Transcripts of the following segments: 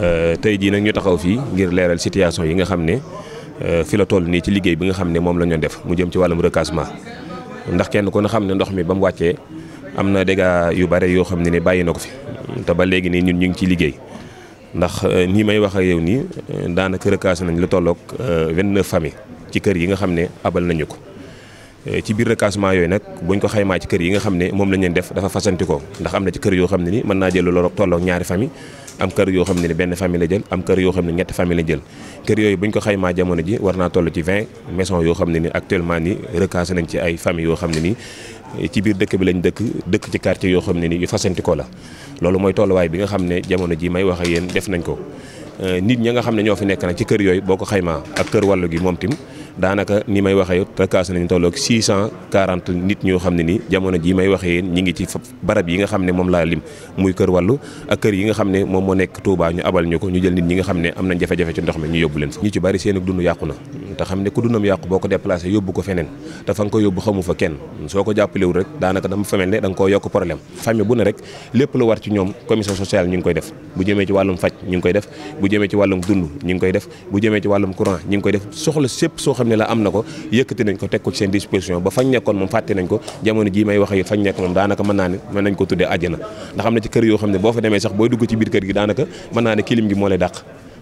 Euh, tey jii nag ñu taxaw fii ngir leeral situation yi nga xam ne euh, fi la toll nii ci liggéey bi nga xam ne moom lañoo def mu jëm ci wàllum recasement ndax kenn ko ne xam ne ndox mi ba mu wàccee am na dégâts yu bare yoo xam ne ni bàyyi na ko fi te ba léegi nii ñun ñu ngi ciy liggéey ndax euh, nii may wax ak yow nii daanaka recasé nañ lu tolloog 29 famille ci kër yi nga xam ne abal nañu ko. Eh, ci biir recasement yooyu nag buñ ko xaymaa ci kër yi nga xam ne moom lañ leen def dafa fasanti ko ndax am na ci kër xam ne mën naa jël lu tolloog ñaari famille am kër ne ni benn famille la jël am yoo xam ne ñetti famille la jël kër yooyu buñ ko xaymaa jamono ji war naa toll ci 20 maisons xam ne ni ni recasé nañ ci ay famille yoo ne ni eh, ci biir dëkk bi lañ dëkk dëkk ci quartier yoo xam ne ni yu fasanti la loolu mooy tolluwaay bi nga xam ne jamono ji may wax a yéen def nañ ko eh, nit ñi nga xam ne ñoo fi nekk nag ci kër yooyu boo ko xaymaa ak kër wàllu gi moom tim daanaka ni may waxee rekaas nañu cent 640 nit ñoo xam ne ni jamono ji may waxee yéen ñi ngi ci barab yi nga xam ne moom laa lim muy kër wàllu ak kër yi nga xam ne moom moo nekk Touba ñu abal ñu ko ñu jël nit ñi nga xam ne am nañ jafe-jafe ci ndox mi ñu yóbbu leen fa ñu ci bari seen dund yàqu na ndaxam ne ku dundam yàqu boo ko déplacé yóbbu ko feneen te fa nga ko yóbbu xamu fa kenn soo ko jàppalewul rek daanaka dama fa mel ne da nga koo yokk problème famille bu ne rek lépp lu war ci ñoom commission sociale ñu ngi koy def bu jëmee ci wàllum ñu ngi koy def bu jëmee ci wàllum dund ñu ngi koy def bu jëmee ci wàllum courant ñu ngi koy def soxla sépp soo xam ne la am na ko yëkkati nañ ko teg ko ci seen disposition ba fañ nekkoon moom fàtte nañ ko jamono ji may wax yi fañ nekk moom daanaka mën ko tuddee àjjana ndax am na ci kër yoo xam ne boo fa demee sax booy dugg ci biir kër gi daanaka mën naa ne kilim gi moo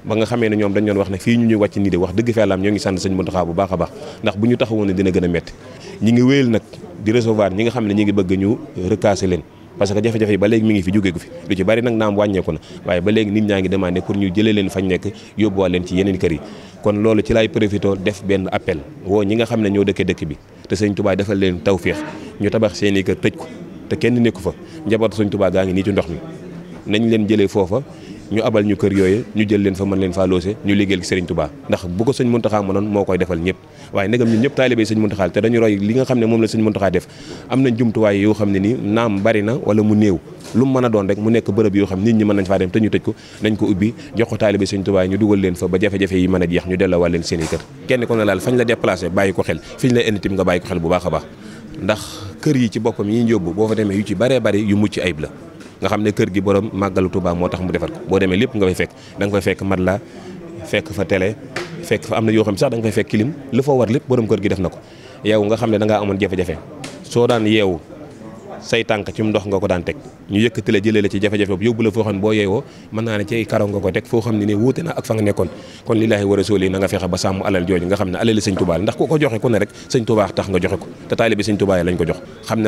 ba nga xamee ne ñoom dañoo doon wax ne fii ñu ñuy wàcc nii de wax dëgg fa yàllaam ñoo ngi sant sëñ Muntaxa bu baax a baax ndax bu ñu taxawoon ne dina gën a metti ñi ngi wéyal nag di recevoir ñi nga xam ne ñi ngi bëgg ñu recasser leen parce que jafe-jafe léegi mi ngi fi jógee fi lu ci bari nag naam wàññeeku na waaye ba léegi nit ñaa ngi demandé pour ñu jëlee leen fañ nekk yóbbuwaat leen ci yeneen kër yi kon loolu ci laay profité def benn appel oo ñi nga xam ne ñoo dëkkee dëkk bi te sëñ Tuubaa defal leen tawféex ñu tabax seen i kër tëj ko te kenn nekku fa njaboot sëñ Tuubaa gaa ngi nii ci ndox mi nañ leen jëlee foofa ñu abal ñu kër yooyu ñu jël leen fa mën leen faa loose ñu liggéeyal Serigne Touba ndax bu ko sëñ Mountakha mënoon moo koy defal ñëpp waaye nagam ñun ñëpp taalibé sëñ Mountakha te nga xam ne moom la sëñ Mountakha def am nañ ni naam bari na wala mu néew lu mën a doon rek mu nekk bërëb yoo xam nit ñi mën nañ faa dem te ñu tëj ko nañ ko ubbi jox ko taalibé sëñ Touba ñu dugal leen fa ba jafe-jafe yi mën a jeex ñu delloowaat leen seen i kër kenn ko na laal fañ la déplacé bàyyi ko xel fiñ la indi tim nga bàyyi ko xel bu baax a baax ndax kër yi ci boppam yi ñu yóbbu boo fa demee yu ci baree yu mucc ayib la nga xam ne kër gi borom màggalu Touba moo tax mu defar ko boo demee lépp nga fay fekk da nga fay fekk matelas fekk fa tele fekk fa am na yoo xam sax da nga fay fekk clim li foo war lépp borom kër gi def na ko yow nga xam ne da ngaa amoon jafe-jafe soo daan yeewu say tànk ci ndox nga ko daan teg ñu yëkkati la jëlee ci jafe-jafe boobu yóbbu la foo xam ne boo yeewoo mën naa ko wa rasuuli na nga fexe ba sàmm alal jooju jox xam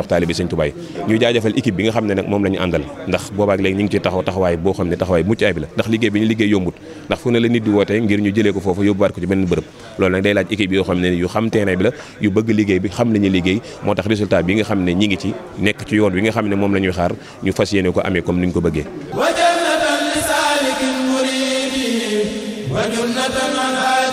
ne laal ñu jaajëfal équipe bi nga xam ne nag moom la àndal ndax boobaak léegi ñu ci taxaw taxawaay boo xam ne waaye mucc ay bi la ndax liggéey bi ñu liggéey yombut ndax fu ne la nit di wootee ngir ñu jëlee ko foofu yóbbuwaat ko ci benn bërëb loolu nag day laaj équipe yoo xam ne yu xam terrain bi la yu bëgg liggéey bi xam la ñuy liggéey moo tax résultat bi nga xam ne ñi ngi ci nekk ci yoon bi nga xam ne moom la ñuy xaar ñu fas yéene ko amee comme ni ñu ko bëggee wa jannatan li saalikin muridi wa jannatan